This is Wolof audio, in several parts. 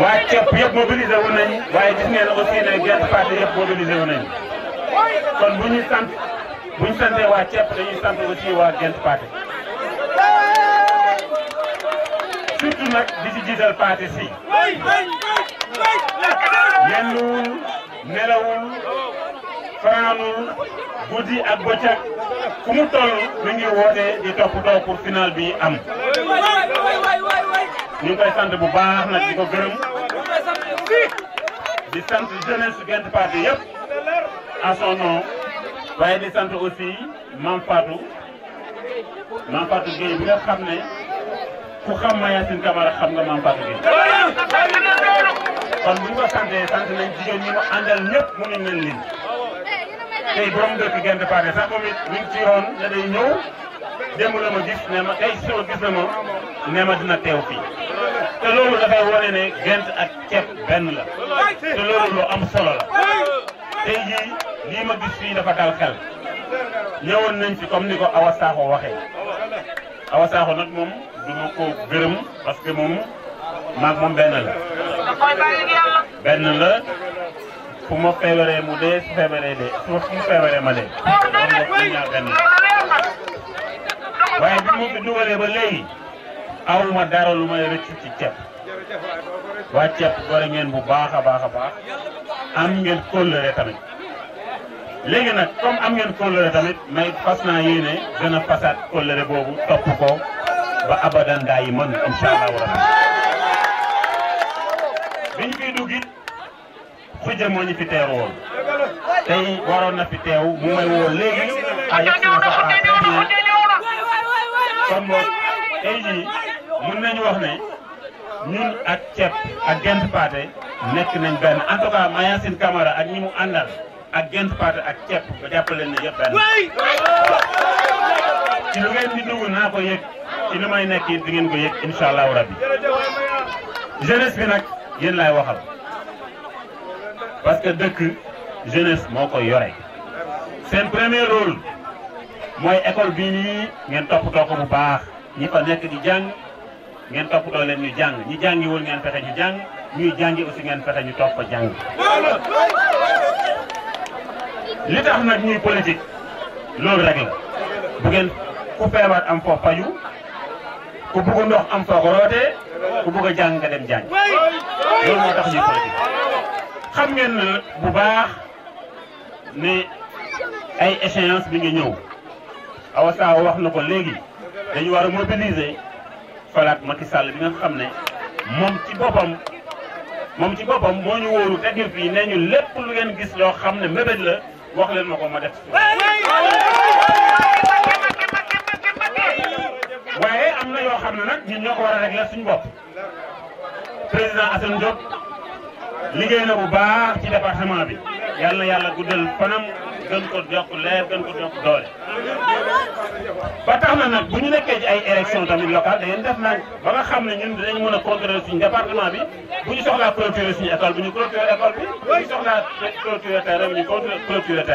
waa CEP yëpp mobilisé wu nañ waaye gis ngeen aussi ne gerte parti yëpp mobilisé wu nañ kon bu ñu sant bu ñu santee waa CEP dañuy sant aussi waa Gent parti surtout nag nelawul fanaanul guddi ak bëccëg fu mu toll mi ngi woote di toppatoo pour final bi am ñu ngi koy sant bu baax na di ko gërëm di sant jeunesse gent Pathé yëpp à son waaye di sant aussi Mame Fatou Mame Fatou Gueye xam ne ku xam Mayacine Camara xam nga Mame Fatou kon bu ñu ko santee sant nañ jigéen ñi mu àndal ñëpp mu ngi mel nii tey borom dëkk Gént Pathé sax moom it mi ngi ci yoon ne day ñëw démb la ma gis ne ma tey si gis na ma ne ma dina teew fii. te loolu dafay wane ne gent ak ceeb benn la te loolu lu am solo la tey jii lii ma gis fii dafa dal xel ñëwoon nañ ci comme ni ko Awa Sakho waxee Awa Sakho nag moom du ma ko gërëm parce que moom maag moom benn la benn la fu ma feebaree mu dee su feebaree dee su ma feebaree ma dee waaye bi mu fi dugalee ba léegi aw ma dara lu may rëccu ci ceeb waa ceeb gore ngeen bu baax a baax a baax am ngeen kóllëre tamit léegi nag comme am ngeen kóllëre tamit may fas naa yéene gën a fasaat kóllëre boobu topp ko ba abadan daa yi mën incha allahu rabbi biñ fiy dugg it moo ñu fi teeru woon tey waroon na fi teew mu may woo léegi a ah, yegg si na sax ah très bien kon boog tey jii mën nañu wax ne ñun ak ceeb ak gent paate nekk nañ benn en tout cas Mayacine ak ñi mu àndal ak gent paate ak ceeb ba jàppale ne yëpp benn ci lu ngeen di dugg naa ko yëg ci li may nekk it di ngeen ko yëg incha allahu rabbi jeunesse bi nag yéen lay waxal parce que dëkk jeunesse moo koy yore seen premier rôle mooy école bii nii ngeen toppatoo ko bu ñi fa nekk di ngeen toppatoo leen ñu jàng ñi jàngiwul ngeen fexe ñu jàng ñuy jàngi aussi ngeen fexe ñu topp jàng. li tax nag ñuy politique loolu rek la bu ngeen ku feebar am foo faju ku bugg am foo rootee ku bugg a jàng nga dem jàng loolu moo tax ñuy politique. xam ngeen bu baax ne ay échéance bi ngi ñëw awa saa wax na ko léegi dañu war a mobiliser. falaat Macky Sall bi nga xam ne moom ci boppam moom ci boppam moo ñu wóoru teg ñu fii nee ñu lépp lu ngeen gis loo xam ne mébét la wax leen ma ko ma def waaye am na yoo xam ne nag ñun ñoo ko war a régler suñu bopp président Assane Diop liggéey na bu baax ci département bi yàlla yàlla guddal fanam gën ko yokk leer gën ko yokk doole. ba tax na nag bu ñu nekkee ci ay élection tamit locale da ngeen def nañ ba nga xam ne ñun dinañ mën a contrôler suñu département bi bu ñu soxlaa clôturer suñu bu ñu clôturer école bi bu ñu soxlaa clôturer terrain bi ñu clôturer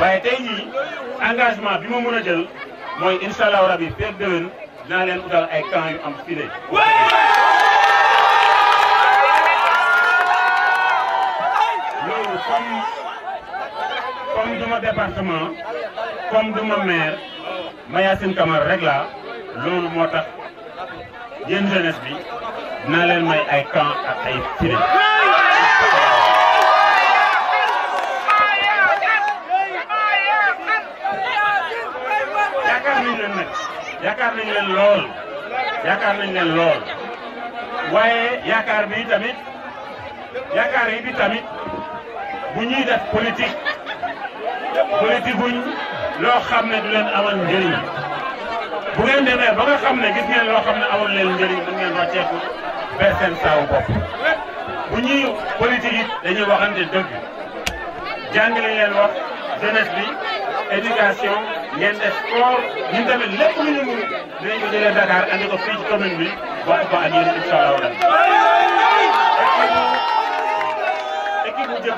waaye tey jii engagement bi ma mën a jël mooy incha allahu yi peeg déwén dinaa leen utal ay camp yu am file. loolu comme duma département comme duma maire Mayacine Camara rek laa loolu moo tax yéen jeunesse bi dinaa leen may ay camp ak ay file yaakaar nañ leen leen lool yaakaar nañ leen lool waaye yaakaar bi tamit yaakaar yi bi tamit bu ñuy def politique politique buñ loo xam ne du leen amal njëriñ bu ngeen demee ba nga xam ne gis ngeen loo xam ne amul leen njëriñ mën ngeen rocceeku vers seen saawu bopp bu ñuy politique it dañuy waxante dëgg jàng lañ leen wax jeunesse bi éducation ngeen def sport ñun tamit lépp lu ñu mën dinañ ko jëlee Dakar andi ko fii ci commune bi wax ko ak yéen incha allah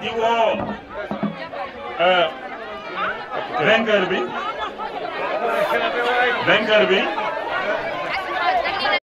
di woo vainqueur bi vainqueur bi